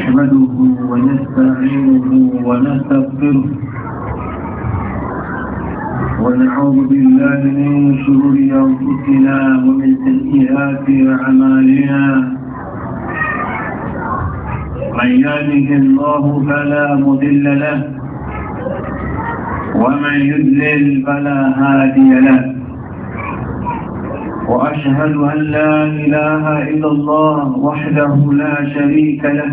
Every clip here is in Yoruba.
نحمده ونستعينه ونستغفره ونعوذ بالله من شرور أنفسنا ومن سيئات أعمالنا من يهده الله فلا مضل له ومن يذلل فلا هادي له وأشهد أن لا إله إلا الله وحده لا شريك له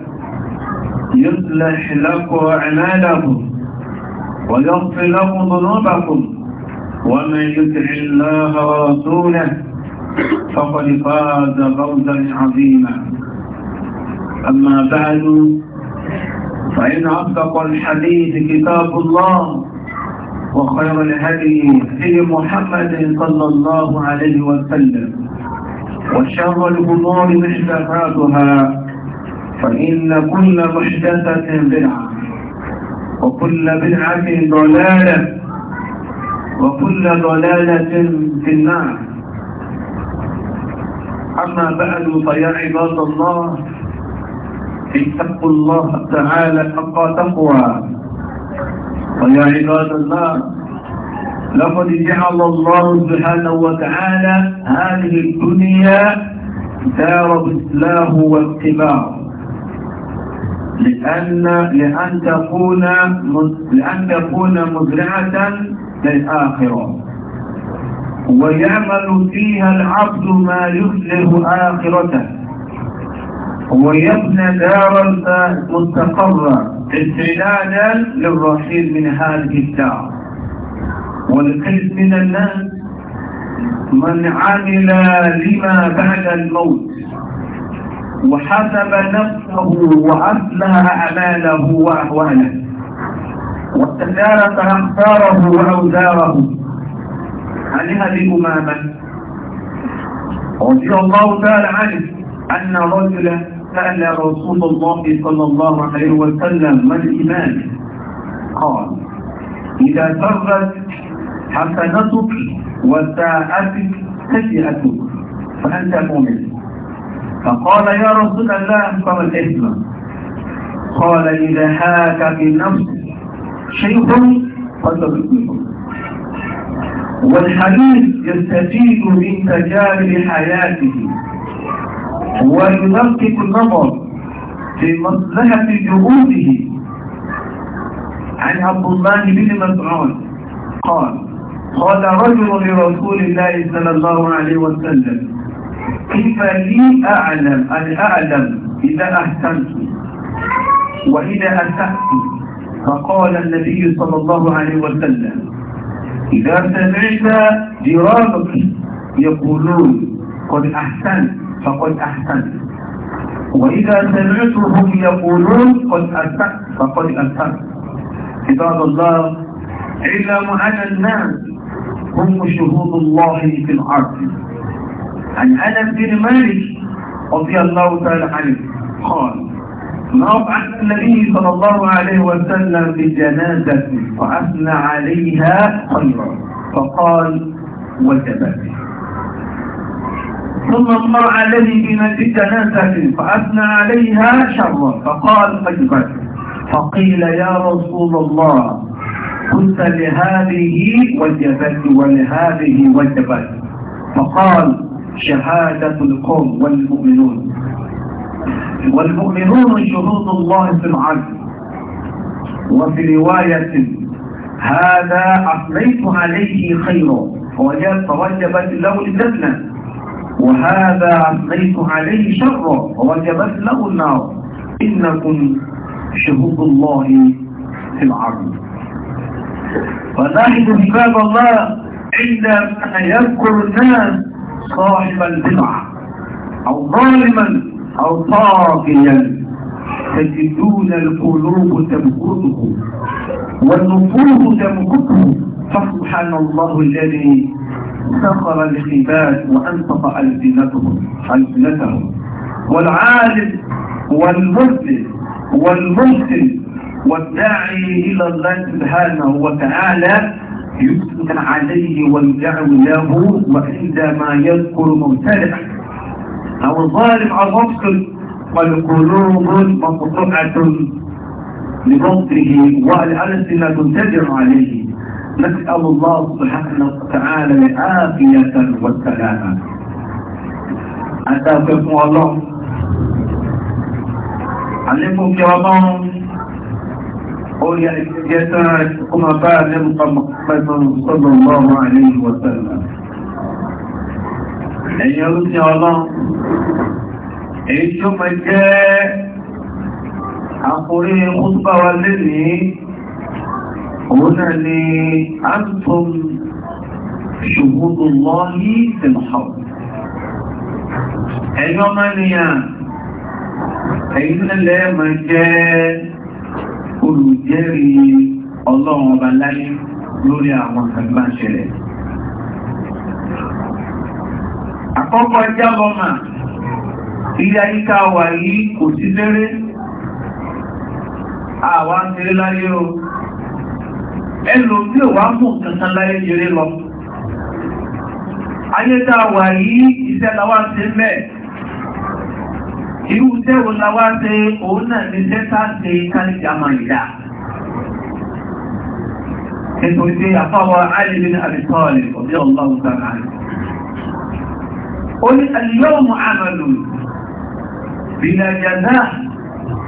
يصلح لكم أعمالكم ويغفر لكم ذنوبكم ومن يطع الله ورسوله فقد فاز فوزا عظيما أما بعد فإن أصدق الحديث كتاب الله وخير الهدي في محمد صلى الله عليه وسلم وشر الأمور محدثاتها فإن كل محدثة بدعة وكل بدعة ضلالة وكل ضلالة في النار أما بعد فيا عباد الله اتقوا الله تعالى حق تقوى ويا عباد الله لقد جعل الله سبحانه وتعالى هذه الدنيا دار الإسلام والكبار لأن لأن تكون لأن تكون مزرعة للآخرة ويعمل فيها العبد ما يصلح آخرته ويبنى دارا مستقرة استعدادا للرحيل من هذه الدار والقسم من الناس من عمل لما بعد الموت وحسب نفسه وأثنى أعماله وأحواله واستدار فأخساره وأوزاره عن أبي أمامة رضي الله تعالى عنه أن رجلا سأل رسول الله صلى الله عليه وسلم ما الإيمان قال إذا سرت حسنتك وساءتك سيئتك فأنت مؤمن فقال يا رسول الله فما الإثم قال إذا حاك بالنفس شيء فسبقه والحديث يستفيد من تجارب حياته ويلقق النظر في مصلحة جهوده عن عبد الله بن مسعود قال قال رجل لرسول الله صلى الله عليه وسلم كيف لي أعلم أن أعلم إذا أحسنت وإذا أسأت فقال النبي صلى الله عليه وسلم إذا سمعت جيرانك يقولون قد أحسنت فقد أحسنت وإذا سمعتهم يقولون قد أسأت فقد أسأت عباد الله علم أن الناس هم شهود الله في الأرض عن أنس بن مالك رضي الله تعالى عنه قال رفع النبي صلى الله عليه وسلم بجنازة وأثنى عليها خيرا فقال وجبت ثم امر عليه بجنازة فأثنى عليها شرا فقال وجبت فقيل يا رسول الله قلت لهذه وجبت ولهذه وجبت فقال شهادة القوم والمؤمنون والمؤمنون شهود الله في العدل وفي رواية هذا أثنيت عليه خيرا فوجبت له الجنة وهذا أثنيت عليه شر فوجبت له النار إنكم شهود الله في العرض فنحن كتاب الله عندما يذكر الناس صاحب البدعة أو ظالما أو طاغيا تجدون القلوب تمكته والنفوس تمكته فسبحان الله الذي سخر الخباز وانطق ألسنتهم ألسنتهم والعالم والمسلم والمسلم والداعي إلى الله سبحانه وتعالى يثنى عليه ويدعو له وعندما يذكر ممتلئ أو الظالم على المفصل والقلوب مقطوعة لبطره والألسنة تنتجر عليه نسأل الله سبحانه وتعالى العافية والسلامة اتاكم الله عليكم يا رمضان orí ẹ̀jẹ̀ sára kó máa bá lẹ́mùpá pẹ̀sán sọ́dọ̀ lọ́wọ́ àlẹ́ ìwọ̀sẹ̀lá ẹ̀yìn orúkẹ́ ọlọ́run èyí tí ó mọ̀ jẹ́ àkórí kútùbá wa lè ní òun ni a ń tó ṣùgbọ́n lọ ní ìsìnkọ̀ ẹ̀yọ́ mọ́ ni à ẹ̀yí nílẹ̀ mọ̀ jẹ́ olùjẹ́rìí ọlọ́run ọba láyé lórí àwọn àgbà ṣẹlẹ̀. Àkọ́kọ́ jábọ́mà, ilé ayíká wà yìí kò sí léré, àwa ń tẹ́rẹ láyé o, ẹlò tí ò wá mú kankan láyé jẹrẹ lọ. Ayé wà yìí iṣẹ́ irú iṣẹ́ wo la wá ṣe òun náà ní sẹ́ta ṣe kálíkì amáyídá nítorí pé àfáwọ̀ alìbí ní àbíkọ́ọ̀lì ọ̀bí ọlọ́run sára rẹ̀ ó ní àlìyọ́ mọ̀ àmàlù bìlà jàdá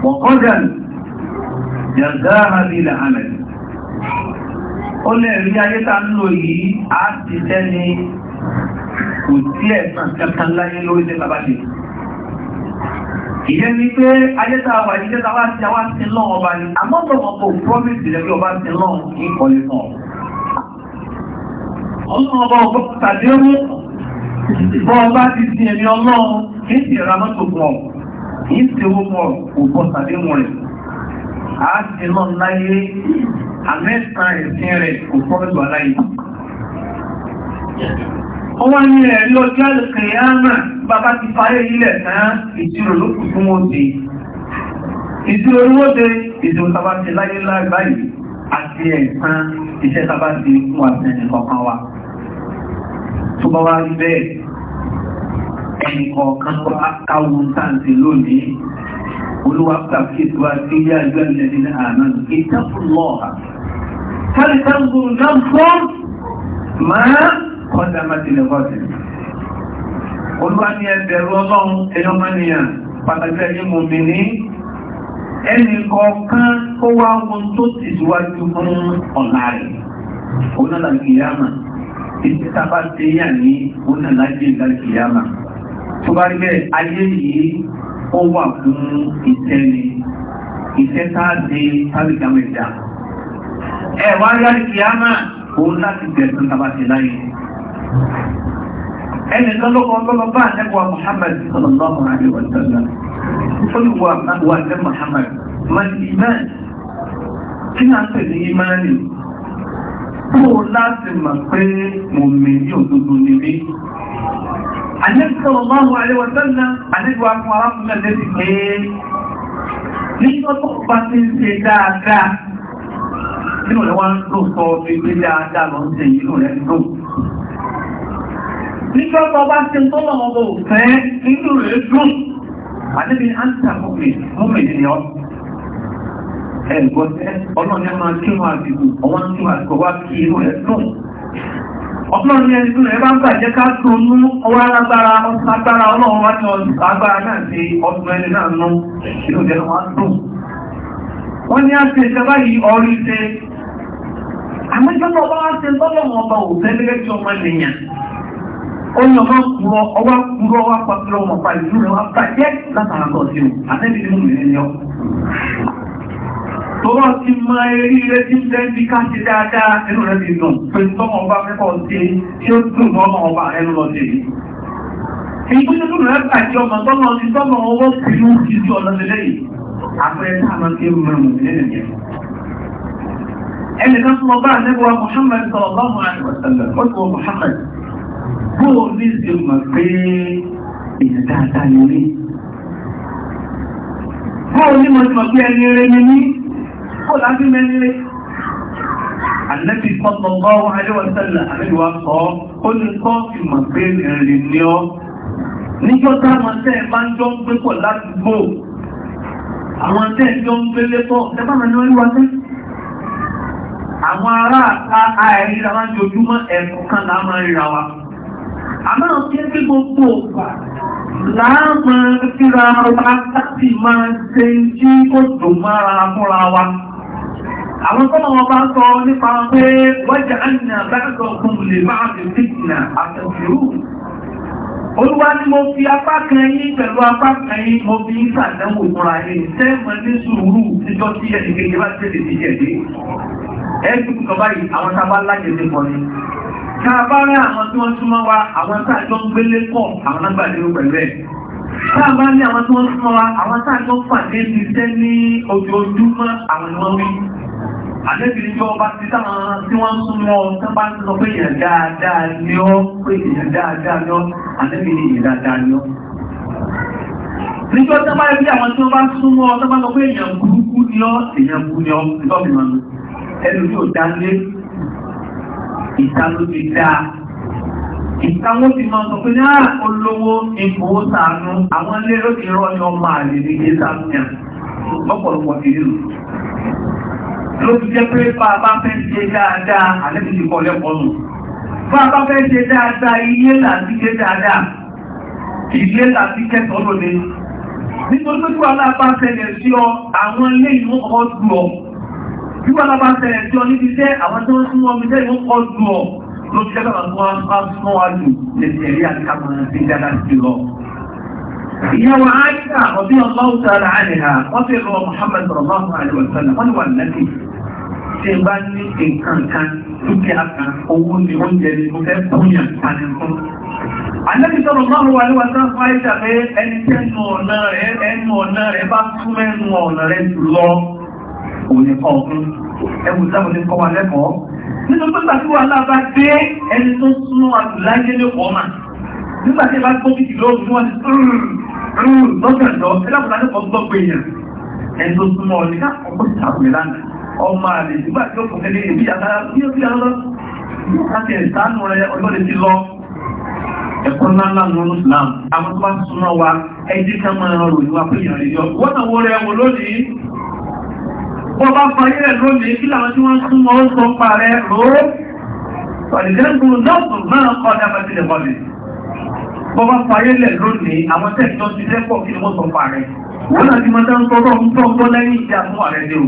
wọ̀kọ́dà jàdá àbílà àmàlù ó lè rí ayé tá ń lò ti tẹ́ ìyẹn ni pé ayétàwà wà ìjẹta wá sí àwọn àti lọ́n ọba ni àmọ́bọ̀mọ́ kò promise rẹ̀ bí ọba ti lọ́n ní ìkọlẹ̀ náà ọlọ́run ọba ọgbọ́ tàbí ó mú bọ́ ọba ti sin ẹ̀mí ọlọ́run ní ti ẹ̀rọ amọ́tò pọ̀ ní ti owó pọ̀ kò bọ́ tàbí mú rẹ̀ a ti lọ́n láyé àmẹ́sàn ẹ̀sìn rẹ̀ kò promise wà láyé ọwọ́ ní rẹ̀ lọ́jọ́ alìkìyàmà bàbá ti parí ilẹ̀ náà ìṣirò ló kù fún òde ìṣirò olówóde ìṣirò tàbá ti láyé lágbàáyì àti ẹ̀sán iṣẹ́ tàbá ti fún àtẹ̀yìn kọ̀ọ̀kan wa tó bá wá rí bẹ́ẹ̀ ẹnì kọ̀ọ̀kan káwọn sáǹtì lónìí olúwa pàkíyèsí wa sí ilé àjọ ìlẹ̀ ní àná ìtẹ́kùn lọ́ọ̀ha kálí sáǹtì náà fún máa kọ́dà mẹ́tìlẹ̀ bọ́ọ̀dì olúwa ní ẹgbẹ̀rú ọlọ́run ẹlọ́mọ́nìyàn pàtàkì ẹ̀yìn mọ̀mí ní ẹnì kọ̀ọ̀kan ó wá ohun tó ti síwájú fún ọ̀la rẹ̀ onála kìyàmà títí tábà ṣe yà ní onála jẹ́ǹda kìyàmà tó bá rí bẹ́ẹ̀ ayé yìí ó wà fún ìtẹ́ni ìtẹ́ tá a ṣe tábìlì àmì ìjà ẹ̀ wá òun láti bẹ̀rẹ̀ tó tábà ṣe láyé. ẹni tọ́lọ́kọ́ lọ́lọ́ bá àdẹ́gbà Muhammad sallallahu alaihi wa sallam olùwà wà ní Muhammad iman kí náà pè ní imani kó láti mọ̀ pé mo mèrí òdodo níbi àdẹ́gbà sallallahu alaihi wa sallam àdẹ́gbà fún arákùnrin lẹ́sìn pé nígbà tó nígbà tó bá ṣe tó lọ́wọ́ bó fẹ́ nínú rẹ̀ dùn àdébí àǹtà mọ́mì mọ́mì ni ọ́ ẹ̀gbọ́sẹ́ ọlọ́ni máa kí wọn àdìgbò ọwọ́n tí wọn àdìgbò wá kí inú rẹ̀ dùn ọlọ́ni ẹni tó rẹ̀ bá ń bàjẹ́ ká tónú ọwọ́ alágbára ọ̀ságbára ọlọ́run wá ní ọ̀ságbára náà sí ọdún ẹni náà nú inú rẹ̀ wá dùn wọ́n ní àti ìjọba yìí ọrí ṣe àmọ́jọ́pọ̀ bá wá ṣe tọ́lọ́wọ́ ọba òfẹ́ gẹ́gẹ́ tí ọmọ nìyàn Oyin ọmọ kúrọ ọwá kúrọ wá pàtàkì ọmọ pa ìlú rẹ̀ wá bàjẹ́ látara lọ sí o, àtẹ́bí ni mú ìrìn yọ. Tó bá ti mọ eré rẹ̀ tí ń lẹ́bí ká ṣe dáadáa ẹnu rẹ̀ ti dùn, pé tọ́mọ ọba fẹ́kọ̀ ṣe tí ó dùn mọ́mọ ọba ẹnu lọ sí. Ìgbésẹ̀ rẹ̀ bàjẹ́ ọmọ tọ́mọ ti tọ́mọ ọwọ́ pẹ̀lú ìjú ọ̀nà lélẹ́yìn. Àpẹẹrẹ tá a máa ń ké mẹ́rin nìyẹn ẹni kan tó mọ bá àdébọ̀ Muhammad sọ̀rọ̀ bá mu àdébọ̀ sọ̀rọ̀ ó bó o ní ṣe mọ̀ pé èèyàn dáadáa ni mí bó o ní mọ̀ sí mọ̀ pé ẹni rẹ ni mí bó lábí mẹ́ni rẹ Ànábì sallallahu alaihi wa sallam àríwá kọ́ ó ní kọ́ ìmọ̀ pé ìrìn ni ọ́ níjọ́ táwọn tẹ́ ẹ bá ń jọ ń gbé pọ̀ ládùúgbò àwọn tẹ́ ẹ jọ ń gbélé pọ̀ ẹgbẹ́ mi ni wọ́n wá sí. àwọn ará àárín àwọn àjòjúmọ́ ẹ̀kọ́ kan láwọn àmọ́ kí é pé gbogbo ọ̀pá láàmà síra ọba láti máa ṣe tí ó dùn mára fúnra wa àwọn tọ́lọ̀ wọn sọ nípa pé wọ́jà ànà báyọ̀ fún lè máa fi fìtìnà àtẹ̀síwò olúwa ni mo fi apá kan yín pẹ̀lú apá kan yín mo fi ń sàdánwò fúnra yín sẹ́ẹ̀mọ̀ ní sùúrù níjọ́ tí ẹnìkejì bá tẹ̀lé ti jẹ̀dé ẹ̀ẹ́dùn kan báyìí àwọn sábà láyé ní Káàbá rẹ̀ àwọn tí wọ́n súnmọ́ wa, àwọn táàjọ́ ń gbélé pọ̀, àwọn lágbàdé pẹ̀lú ẹ̀. Káàbá ní àwọn tí wọ́n súnmọ́ wa, àwọn táàjọ́ pàdé ti tẹ́ ní ojoojúmọ́ àwọn ni wọ́n wí. Àdébìnrin jọ ọba ti táwọn tí wọ́n súnmọ́ tán bá ń sọ pé èèyàn dáadáa ni ọ́, pé èèyàn dáadáa ni ọ́, àdébìnrin èèyàn dáadáa ni ọ́. Níjọ́ tán bá rí àwọn tí wọ́n sọ pé èèyàn burúkú ni ọ́, èèyàn burú ni ọ́, ìtàlú ti dáa ìtàwọn ti máa sọ pé náà olówó ìfowó sàánú àwọn ilé ló ti rọ́ ní ọmọ àlè ní ilé sàmìyàn lọ́pọ̀lọpọ̀ ti rí ló ti jẹ́ pé bá a bá fẹ́ ṣe dáadáa àlẹ́bí ti kọ́ a bá fẹ́ ṣe dáadáa ilé làbí ṣe dáadáa ilé làbí kẹtọ́ lónìí nítorí pé wàhálà bá fẹ́lẹ̀ sí ọ àwọn ilé ìmú ọdún ọ bí wọ́n bá ń tẹ̀lẹ̀ tí ọ níbi iṣẹ́ àwọn tó ń súnmọ́ mi lẹ́yìn ó kọ́ ju ọ ló fi dábàá tó wá bá súnmọ́ wa jù lè tẹ̀lé àkàmọ́ sí dáadáa sí lọ. ìyàwó àìsà ọ̀bí ọlọ́wọ́ sára àìhà Àlẹ́bí sọ̀rọ̀ máa wà ní wàtá fáìsà pé ẹni tẹ́nu ọ̀nà rẹ̀ bá tún ọ̀nà rẹ̀ jù lọ òun ni kọ́ ọkùn ẹ̀wù sábà ní kọ́ wa lẹ́kọ̀ọ́ nínú pé pàtó wa lábá dé ẹni tó súnmọ́ àtúláyé lẹ́kọ̀ọ́ mà nígbà tí ẹ bá gbọ́ kìkì lóòrùn wọn ni rúrù ẹlẹ́kùnrin lẹ́kọ̀ọ́ gbọ́ pé èèyàn ẹni tó súnmọ́ ọ ká ọkọ̀ sí àbúrẹ́ lánàá ọmọ àlè nígbà tí ó kọ̀ kẹ́lẹ́ èmi àtàrà bí ó àwọn tó Wọ́n bá parí rẹ̀ lónìí kí làwọn tí wọ́n tún mọ́ ó sọ pa rẹ̀ ròó. Ọ̀dẹ̀dẹ́gbùn lọ́pùn máa kọ́ dábàtílẹ̀ kọ́lẹ̀. Wọ́n bá parí rẹ̀ lónìí àwọn tẹ́ẹ̀tọ́ ti lẹ́pọ̀ kí wọ́n sọ pa rẹ̀. Wọ́n láti máa dá ń tọ́rọ ń tọ́ gbọ́ lẹ́yìn ìjà fún ààrẹ dé o.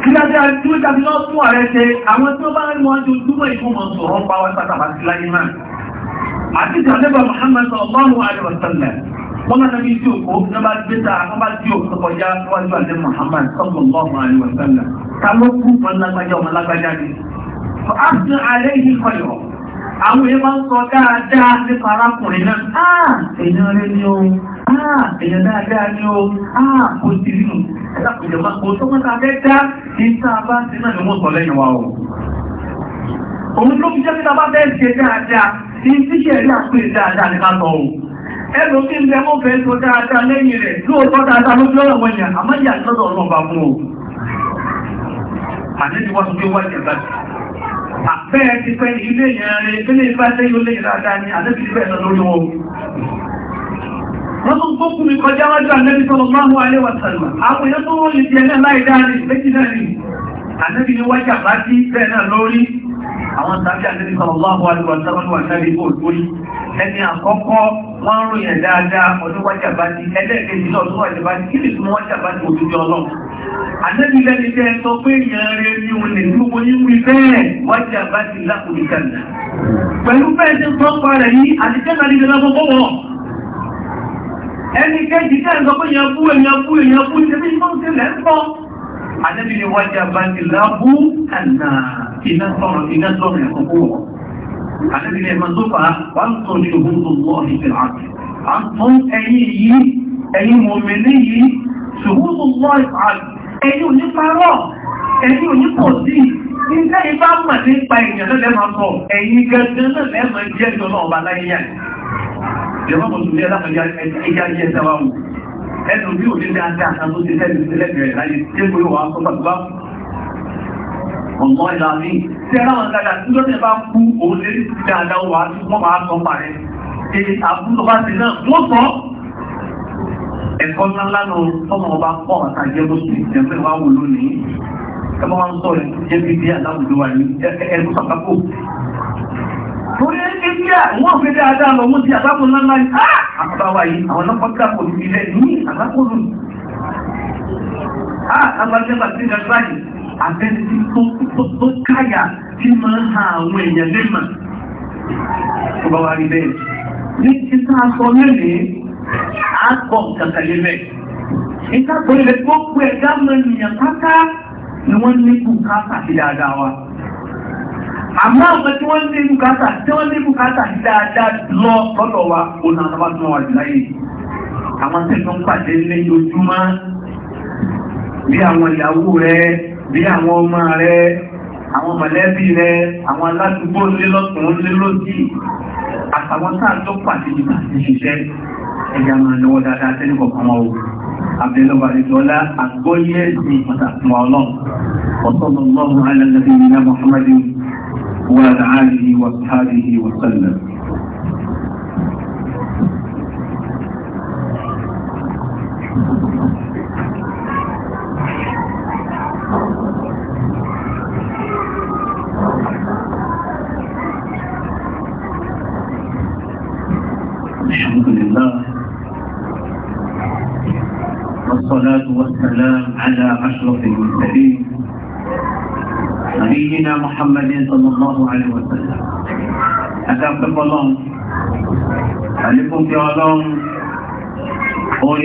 Kí láti àti ó tàbí lọ́ fún ààrẹ ṣe àwọn tí ó bá rí wọn jù dúró ìfúnmọ̀ sọ̀rọ̀ pa wọn pátápátá láyé náà. Àti ìjọba Muhammad sallallahu alaihi wa sallam wọ́n máa nàbí sí òkú nígbà gbéta nígbà tí òkú kọjá níwájú àti Muhammad sallallahu alaihi wa sallam ta ló kú wọn lágbájá ọmọ lágbájá ni. fọ áfíà alẹ́ yìí kọyọ̀ àwọn èèyàn máa ń sọ dáadáa nípa arákùnrin náà áà èèyàn rẹ ni o áà èèyàn dáadáa ni o áà kò sí nù ẹ̀dá kò jẹ́ máa kò tó máa ta fẹ́ dá ìta bá ti náà ni wọ́n sọ ẹ̀rùn tí ń bẹ mọ́ fẹ́ tó dáadáa lẹ́yìn rẹ̀ lóòótọ́ dáadáa ló lọ́rọ̀ wọn yà àmọ́ ìyà lọ́dọ̀ ọ̀nà ọba mú o àdébí wọ́n tó gbé wájú ẹ̀bá bẹ́ẹ̀ ti pẹ́ ilé yẹn rẹ̀ ilé ìfẹ́ lẹ́yìn olè dáadáa ni àdébí ti bẹ́ẹ̀ lọ lórí wọn wọ́n tó gbókù mi kọjá wájú àdébí tó máa wà lẹ́wà sàlùmà àwọn èèyàn tó wọ́n lè jẹ́ náà láì dáa ní méjì náà ni wájú àbá bẹ́ẹ̀ náà lórí àwọn tàbí àtẹ́bí sọ̀rọ̀lọ́wọ́ alùpàtàwọn wàtàbí kò lórí ẹni àkọ́kọ́ wọ́n ń ròyìn dáadáa ọdún wájàbá ti ẹlẹ́ẹ̀kejì náà tó wájàbá ti kílì tó wájàbá ti òjújọ ọlọ́run àtẹ́bí lẹ́ni tẹ́ sọ pé èèyàn rẹ̀ ní òun lè gbogbo nínú ibẹ̀ wájàbá ti lákòókò kàlà pẹ̀lú bẹ́ẹ̀ tí wọ́n pa rẹ̀ yí àtijọ́ náà nílẹ̀ lọ́gbọ́gbọ́ wọn ẹni kejì tẹ́ sọ pé èèyàn bú èèyàn bú èèyàn bú iná sọ̀rọ̀ iná sọ̀rọ̀ ẹ̀kọ́ fún wọn àdẹ́bìnrin ẹ̀mọ́ tó fà wá ń sọ ní òun tó wọ́ ìfẹ́ àti àtún ẹ̀yìn yìí ẹ̀yìn mọ̀mẹ́lẹ́ yìí ṣùgbọ́n tó wọ́ ìfẹ́ àti ẹ̀yìn oníparọ́ ẹ̀yìn onípọ̀ sí Ilé ìbá mọ̀ nípa èèyàn lọ́lẹ́ máa sọ, ẹ̀yin gẹ́gẹ́ lọ́lẹ́ máa jẹ́ ìjọ náà ọba láyé yà. Ìjọba kò tún lé òní dáadáa kan ọmọ ìlàmí tí ẹ láwọn dáadáa tí ló tẹ́ bá kú òun lè rí sí dáadáa wà tí wọ́n máa sọ parẹ́ èyí àbúrò bá ti náà wọ́n sọ ẹ̀kọ́ ńlá lọ tọ́mọ ọba pọ̀ àtàjẹ́ bó sì jẹ́ pé wá wò lónìí ẹ máa ń sọ ẹ bí bí aláwùjọ wà ní ẹnu sàkápò torí ẹgbẹ́ àwọn òfin dáadáa lọ mú sí àbábò ńláńlá yìí àbábáwá yìí àwọn ọlọ́pàá kò ní ilẹ̀ ní àbábò lónìí. àgbàjẹ́ bàtí ìjọba àtẹ́sí tó káyà tí máa ń ha àwọn èèyàn lẹ́mà tó bá wá rí bẹ́ẹ̀. ní ti tá a sọ lẹ́nìí a kọ̀ kàkàlẹ́ bẹ́ẹ̀. ìta pẹ̀lẹ́ tó pẹ́ dámọ̀ ènìyàn pátá ni wọ́n ní bùkátà sí dáadáa wa. àmọ́ àwọn tí wọ́n ní bùkátà tí wọ́n ní bùkátà sí dáadáa lọ lọ́dọ̀ wa òun àtàwọn àti wọn wà láyé. àwọn tẹ̀sán pàdé lẹ́yìn ojúmọ́ bí àwọn ìyàwó rẹ̀ bí àwọn ọmọ rẹ àwọn mọ̀lẹ́bí rẹ àwọn aládùúgbò lé lọ́kùnrin lé lọ́sí àtàwọn táà tó pàdé nípa ti ṣiṣẹ́ ẹ̀yà máa lọ́wọ́ dáadáa tẹ́lẹ̀ kọ̀ọ̀kan wọn o àbẹ̀lọ́wà ìjọlá àgbọ́yé ní pàtàkì ọlọ́run ọ̀sọ́nà ọlọ́run alẹ́lẹ́bí ní Muhammadu wà láàárín wà sáàrín wà sẹ́lẹ̀ Thank you. والسلام على أشرف المرسلين نبينا محمد صلى الله عليه وسلم هذا قبلهم عليكم في علام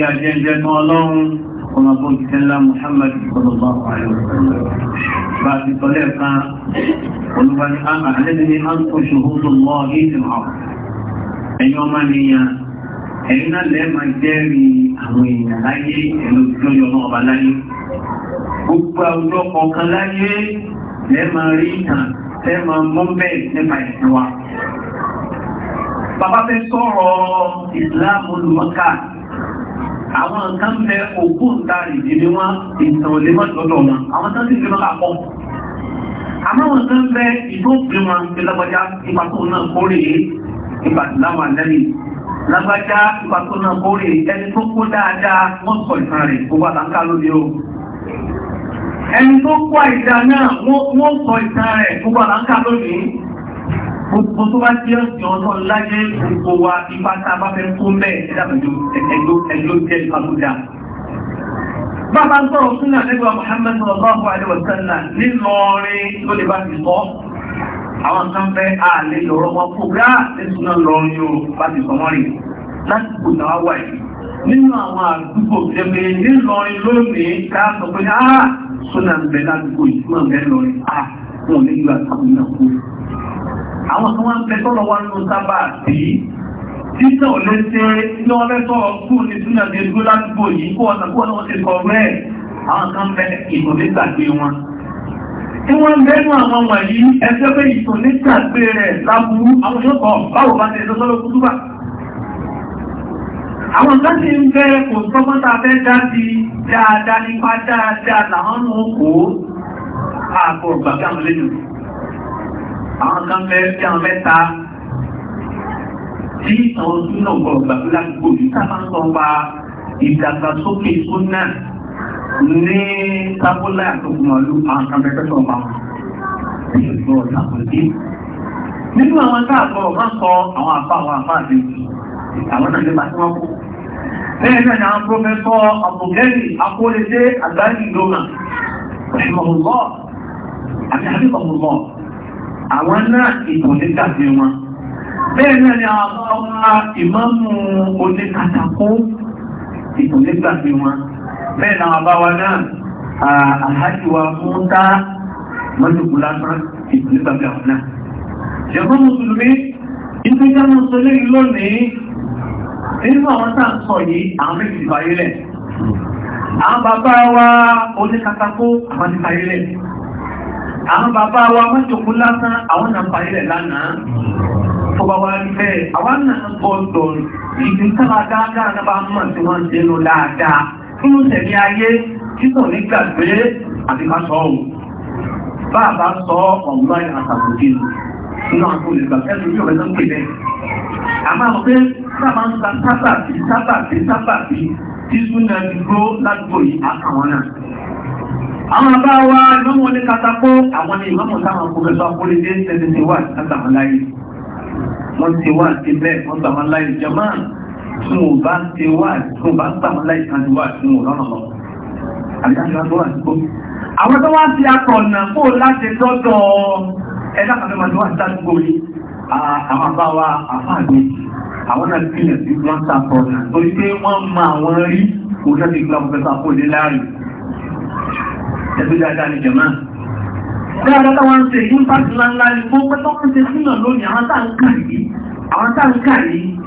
يا جن جن وعلام كما قلت كلام محمد صلى الله عليه وسلم بعد طريقة قلوا لي أعلمني أنت شهود الله في العرض أيوما نيان ẹ̀yin náà lẹ́ẹ̀ máa jẹ́rìí àwọn èèyàn láyé ẹ̀lú tó yọ náà ọba láyé gbogbo àwùjọ kọ̀ọ̀kan láyé lẹ́ẹ̀ máa rí ìtàn lẹ́ẹ̀ máa mọ́ bẹ́ẹ̀ nípa ìsìn wa bàbá fẹ́ sọ̀rọ̀ ìsìláàmù lùmọ́kà àwọn nǹkan bẹ ògbóǹtarìdì ni wọ́n ìtàn olè mọ́ lọ́dọ̀ wọn àwọn tán sì fi lọ́kà pọ̀ àmọ́ wọn kan bẹ ìdóògbé wọn ìlọ́gbọ́já ìpàtó náà kórè ìpàtó láwọn lágbájá ìpàtọ́nà kórè ẹni tó kó dáadáa wọ́n sọ ìtàn rẹ̀ gbogbo àtàkà lóde o ẹni tó kó àìdá náà wọ́n sọ ìtàn rẹ̀ gbogbo àtàkà lóde gbogbo tó bá jẹ́ ọ̀sẹ̀ ọ̀tọ̀ láyé gbogbo wa ipa tá a bá fẹ́ kó mẹ́ ẹ̀dàbẹ̀jọ jẹ́ ìpàtọ́jà bàbá sọ̀rọ̀ súnà nígbà Muhammad sallallahu alaihi wa sallam nílọrin àwọn kan fẹ́ ààlè lọ́rọ̀ wọn kò gá lẹ́sùn náà lọ ní o bá ti sọmọ́ rìn láti kò náà wà yìí nínú àwọn àdúgbò tẹ́gbẹ́ nílọrin lónìí ká sọ pé á sọ́nà ń bẹ ládùúgbò ìtumọ̀ bẹ́ẹ̀ lọrin á wọn ní ìlú àtàkùn náà kú àwọn kan wọ́n fẹ́ tọ́lọ wá nínú sábà sí títọ̀ lẹ́sẹ̀ ní ọlẹ́tọ̀ kú ní túnà dé dúró ládùúgbò yìí kó ọ̀nà kó ọ̀nà wọn ti kọ̀ rẹ̀ àwọn kan fẹ́ ìmọ̀ nígbàgbé wọn tí wọ́n lẹ́nu àwọn wọ̀nyí ẹgbẹ́ pé ìtàn nígbàgbé rẹ̀ láburú àwọn ṣọ́kọ̀ báwo bá ti ẹ̀sọ́sọ́lọ́ kúrúbà àwọn tó ti ń bẹ́ kò tọ́mọ́ta fẹ́ dáti dáadáa nípa dáadáa làwọn mú kó àpò gbàgbàmù lẹ́nu àwọn kan fẹ́ bí àwọn mẹ́ta tí ìtàn súnà gbọ̀gbàgbà gbòmítà máa ń sọ pa ìdàgbàsókè súnà ní tábúlà àtòkùn ọlú àwọn kan bẹ́ẹ̀ tọ́ máa wọ́n ṣàkóso nínú àwọn káàkọ́ máa kọ àwọn àpá àwọn àpá àti àwọn náà nípa tí wọ́n kú bẹ́ẹ̀ náà ni àwọn pọ́fẹ́sọ́ àpògẹ́rì akóredé àgbáyé ìlómà ọ̀ṣùmọ̀lọ́ àti àdìkọ̀mọ̀lọ́ àwọn náà ìtàn nígbà tí wọn bẹ́ẹ̀ náà ni àwọn ọmọ ìmáàmù oníkatakó ìtàn nígbà tí wọn bẹ́ẹ̀ náà bá wa náà àhájú wa fún tá mọ́jùkú lásán ìpínlẹ̀ bàbí àwọn náà ṣẹ̀gbọ́n mùsùlùmí ìpínlẹ̀ mùsùlùmí lónìí nínú àwọn tá sọ yìí àwọn méjì fàyílẹ̀ àwọn bàbá wa oníkatakó àwọn ti fàyílẹ̀ àwọn bàbá wa mọ́jùkú lásán àwọn náà fàyílẹ̀ lánàá tó bá wá rí bẹ́ẹ̀ àwọn náà gbọ́dọ̀ ìdí sábà dáadáa náà bá mọ̀ sí wọ́n ń dénú dáadáa fún tẹ̀mí ayé tí kò ní gbàgbé àti ká sọ ohun bá a bá sọ ọ̀gbọ́n àtàkùnjì nínú àkókò ìgbà ẹ̀sùn yóò rẹ̀ ló ń pè bẹ́ẹ̀ àmọ́ pé sábà ń ta sábàbí sábàbí sábàbí tí súnà dúró ládùúgbò yìí àkàwọn náà àwọn bá wá lọ́wọ́ ní katakó àwọn ni ìmọ̀mọ̀ táwọn pòfẹ́sọ́ akólé dé 71 látàwọn láyé wọ́n ti wá sí bẹ́ẹ̀ wọ́n tàwọn láyé jẹ́mọ́ tí mo bá ṣe wá tí mo bá gbà láì kan ti wá tí mo lọ́nà lọ. Àwọn tó wá sí akọ̀nà kó láti lọ́dọ̀ ẹ̀dá kan tó máa ti wá sí àdúgbò rí. Àwọn àbá wa àfáàgbé àwọn náà tilẹ̀ sí wọ́n sàkọ̀nà torí pé wọ́n mọ àwọn rí òṣèlú ti gba ọ̀pẹ̀ta kó lé láàrin. Ẹgbẹ́ dáadáa ni jẹ̀máà dáadáa wọn ṣe ìlú pàtàkì ńláńlá ni fún pẹ́tọ́kùn ṣe sínà lónìí àwọn táǹkà yìí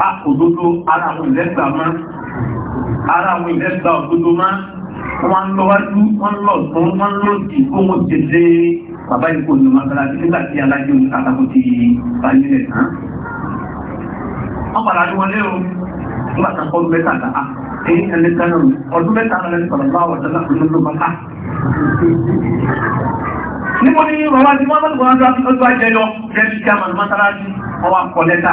a òdodo ara àwọn ìlẹ́gbà máa ara àwọn ìlẹ́gbà òdodo máa wọ́n lọ wájú wọ́n lọ tún wọ́n lọ sí kó wọ́n ti dé bàbá ìkó ní mọ́sálásí nígbà tí alájọ àtàkù ti parí rẹ̀ tán. wọ́n padà ní wọn lérò nígbà tán kọ́ mẹ́ta àtàkà èyí ẹni kánà ọdún mẹ́ta àtàkà ní sọ̀rọ̀ bá wọ̀ tẹ́lá fún ló bá ká. níbo ni bàbá ti mọ́sálásí wọn lọ sí ọjọ́ àjẹyọ jẹ́ kí kí a mọ̀ mọ́sálásí wọn wá kọ́ lẹ́tà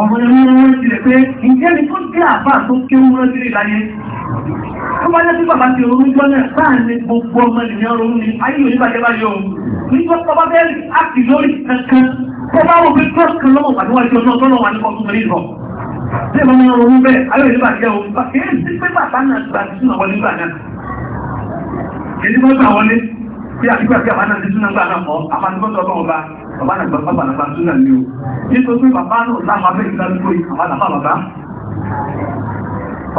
ọmọ ilé wọ́n ti rẹ̀ pé ìjẹ́ ni tó jẹ́ àbá tó kéwú rántí rí láyé tó bá jẹ́ sí bàbá ti orú jọ náà sáà ní gbogbo ọmọ ènìyàn ronú ni ayé òní bàjẹ́ bá yọ òun nígbà tó bá bẹ́ẹ̀rì àti lórí kankan tó bá wọ́n pé cross kan lọ́wọ́ pàdé wájú ọjọ́ tó lọ́wọ́ nípa ọdún mẹ́rin lọ tí ìbọn mọ́ ronú bẹ́ẹ̀ ayé òní bàjẹ́ òun bá kéé sí pé bàbá náà gbà sí sínú àwọn nígbà náà èyí mọ́ gbà wọlé bí àdúgbà bí àbá náà sí sínú àgbà náà mọ́ àmàdúgbò tó ọgbà bàbá nàgbà bàbá nàgbà súnà ní o nítorí pé bàbá náà láwọn abẹ́rẹ́ ìgbà lóko yìí bàbá nàgbà bàbá bàbá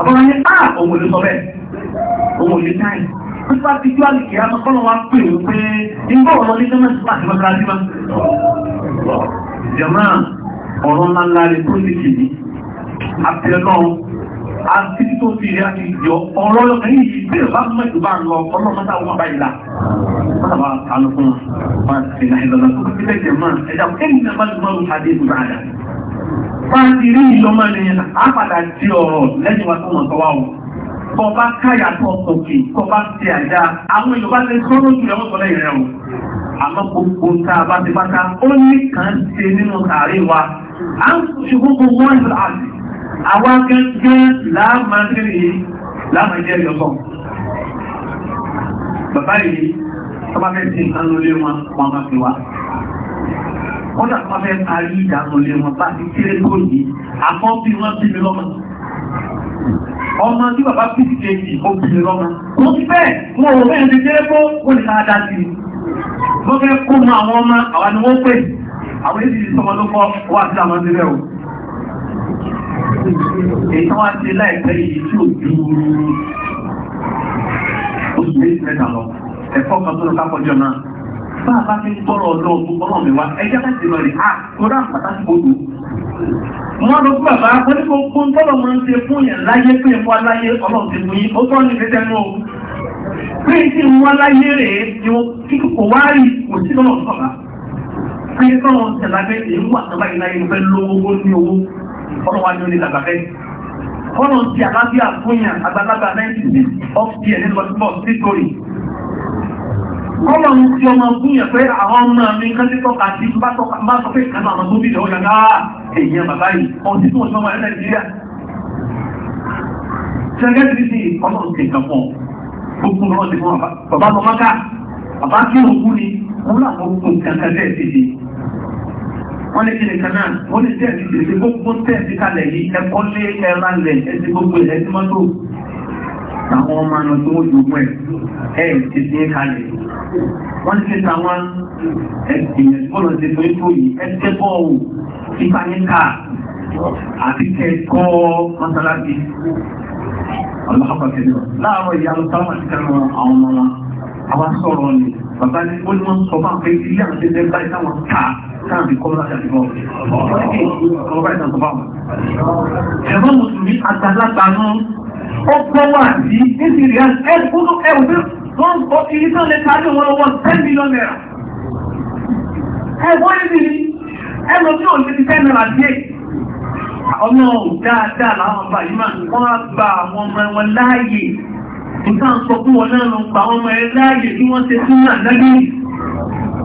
wọn ní á òun ló sọ bẹ́ẹ̀ òun ló táì nípa ti tí wà ní kìí àmọ́ kọ́lọ́ wa pè ó pé nígbà ọ̀rọ̀ ní gẹ́mẹ́sì bá ti mọ́tara sí mọ́ jẹ̀mọ́ ọ̀rọ̀ ńláńlá rẹ̀ tó ti kìí àti ẹ̀kọ́ àti tó ti rí àti yọ ọ̀rọ̀ lọ́kàn yìí bí ìbá mọ́ ìbá lọ ọlọ́run mọ́ta wọn bá ìlà mọ́tàbá alùpùn wọn ti náà ìlọ́nà tó ti tẹ́jẹ̀ mọ́ ẹ̀dà kẹ́ni náà bá ti mọ́ ìpàdé ìgbà àdá fáàtì rí ìlọ́mọ́ ni àpàdà di ọ̀rọ̀ lẹ́yìn wa tó mọ̀ tọ́wá o kọba káyà tó ọkọ̀kì kọba ti àjá àwọn Yorùbá lè sọ́rọ̀ jù lọ́wọ́ sọ́lẹ̀ ìrẹ́ o àmọ́ gbogbo ta bá ti bá ta ó ní kàn ṣe nínú kàrí wa à ń ṣe gbogbo wọ́n ìlú àti àwọn gẹ́gẹ́ láàmàtírí láàmàjẹ́rì ọkọ̀ bàbá yìí tọ́bá fẹ́ sí ìtànlólé wọn wọn máa fi wá wọ́n dà tọ́bá fẹ́ parí ìdánlólé wọn bá ti kéré tó yìí àmọ́ bí wọ́n bí mi lọ́mọ ọmọ tí bàbá bí ti kéèkì ó bí mi lọ́mọ kò sí bẹ́ẹ̀ wọn ò bẹ́ẹ̀ ti kéré kó ó lè máa dá sí i wọ́n fẹ́ kó mọ àwọn ọmọ àwọn ni wọ́n pè àwọn èsì ìsọmọlọ́kọ wà sí àwọn ìrẹ́ o èyí wọ́n ti láìpẹ́ yìí tí ju oṣù lọ ẹ̀fọ́ kan tó lọ kápọ̀jọ náà bá a bá fi ń tọrọ ọlọ́run tó kọ́ mi wá ẹjẹ́ láti lọ rí a kó dá pàtàkì gbogbo. wọ́n lọ fún bàbá wọn ní wọn ṣe fún yẹn láyé pé ọlọ́run ti fún yín ó tọ́ ní fẹ́fẹ́ pé tí ń wá láyé ọlọ́wà ní orí làbàfẹ́ fọ́nà ti àlábíà fúnyàn àgbàlagbà 96 ọ́fíì ẹ̀ nínú ọdún bọ́ọ̀sì kórì kọ́lọ̀run tí ọmọ fúnyàn pé àwọn ọmọ mi kan tí tọ́ka sí bá sọ pé kan àwọn tó bílẹ̀ ọjà náà èèyàn bàbá yìí ọ̀n tí wọ́n sọmọ ẹ̀ nàìjíríà ṣẹgẹ́sì sí ọlọ́run ti kàn fún ọ gbogbo ọlọ́run ti fún bàbá lọ mọ́ká bàbá kí òkú ni wọ́n làwọn wọ́n ní kíni kan náà wọ́n ní tẹ́ẹ̀sì tẹ̀sí gbogbo tẹ́ẹ̀sì kalẹ̀ yìí ẹ̀kọ́ lé ẹ̀rọ alẹ̀ ẹ̀sì gbogbo ẹ̀sì mọ́tò àwọn ọmọ àna tó ń jogún ẹ̀ ẹ̀ ti ti ń kalẹ̀ wọ́n ti ta wọn ẹ̀sìn ẹ̀sìn ti tó ètò yìí ẹ̀sẹ̀ bọ́ọ̀lù ipa níta àti kẹ́kọ́ mọ́sálásí ọlọ́pàá láàárọ̀ ìyá lọ́sálàmà ti tẹ́lọ àwọn ọmọ wọn àwọn sọ̀rọ̀ ni bàbá ní ó ní wọ́n sọ fún àpẹẹrẹ ilé àti ẹgbẹ́ báyìí táwọn ká káàbì kọ́ láti àtìmọ́ ọ̀rọ̀ báyìí tó bá wọn. ẹ̀gbọ́n mùsùlùmí àtàlágbà náà ó gbọ́ wà sí èsì rí ẹ̀kúnú ẹ̀wù pé wọ́n gbọ́ ibi tán ten million naira. ẹ̀gbọ́n yìí ni ẹ̀rọ tí ten naira díẹ̀. ọmọ dáadáa làwọn bá yìí máa wọ́n á gba àwọn ọmọ wọn láàyè nǹkan sọ fún wọn náà lọ gba ọmọ ẹ láàyè bí wọ́n ṣe fún àdágbé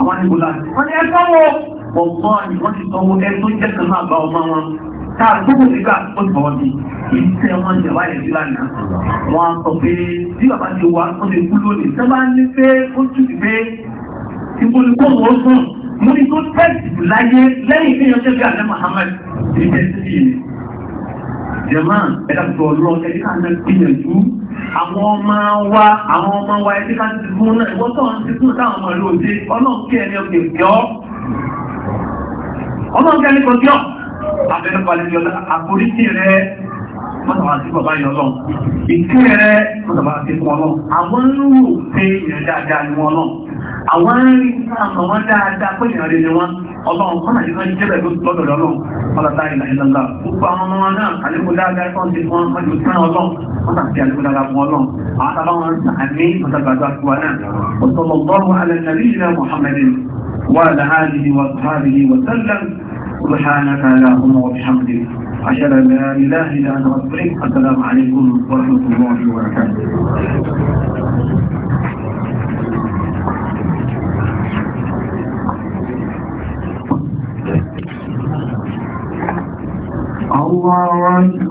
àwọn níbo láti wọ́n ní ẹgbẹ́ wọn ọ̀pọ̀ ìwọ́n ti sanwó ẹni tó jẹ́ kan náà bá ọmọ wọn tá a gbogbo nígbà ó ti bọ̀ ní iṣẹ́ wọn jẹ̀ wáyé sí lánàá wọn sọ pé bí bàbá ti wá ó ti kú lónìí tẹ́ bá ní pé ó tù sí pé ìbò ní kó wọ́n sùn mo ní tó tẹ́sì láyé lẹ́yìn tí yọjọ́ bí àlẹ́ Muhammad ti tẹ́sì yìí jẹ̀mọ́ ẹ̀dá tó ọlọ́ ẹ̀dá náà gbìyànjú àwọn ọmọ wa àwọn ọmọ wa ẹbí bá ti mú náà ìwọ́n tó ń ti kú táwọn ọmọ ìlú òde ọlọ́run kí ẹni ọkẹ̀ jọ ọlọ́run kí ẹni kò jọ abẹ́rẹ́ balẹ̀ jọ àforíjì rẹ mọ́tàbà sí bàbá yọ lọ ìkẹ́ rẹ mọ́tàbà sí fún ọlọ́ àwọn ń rò pé ìrìn dáadáa ni wọn lọ àwọn ń rí sáà mọ̀ wọn dáadáa pé ìrìn rẹ ni wọn ọlọ́run kọ́nà ìlú ẹni jẹ́bẹ̀ ló lọ́dọ̀ lọ́lọ́run ọlọ́ta ìlà ìlàlá púpọ̀ àwọn ọmọ náà alẹ́kùnlága ẹ̀kọ́n ti fún ọmọdé òṣìṣẹ́ ọlọ́run wọ́n tàbí alẹ́kùnlága fún ọlọ́run àwọn tàbáwọn àmì ọ̀tàgbàgbà fún wa náà ọ̀tọ̀lọ̀gbọ́rù alẹ́nàbíyìnà muhammadin wa alahadihi wa sahabihi wa sallam سبحانك اللهم وبحمدك أشهد أن لا إله إلا أنت أستغفرك السلام عليكم ورحمة الله وبركاته الله أكبر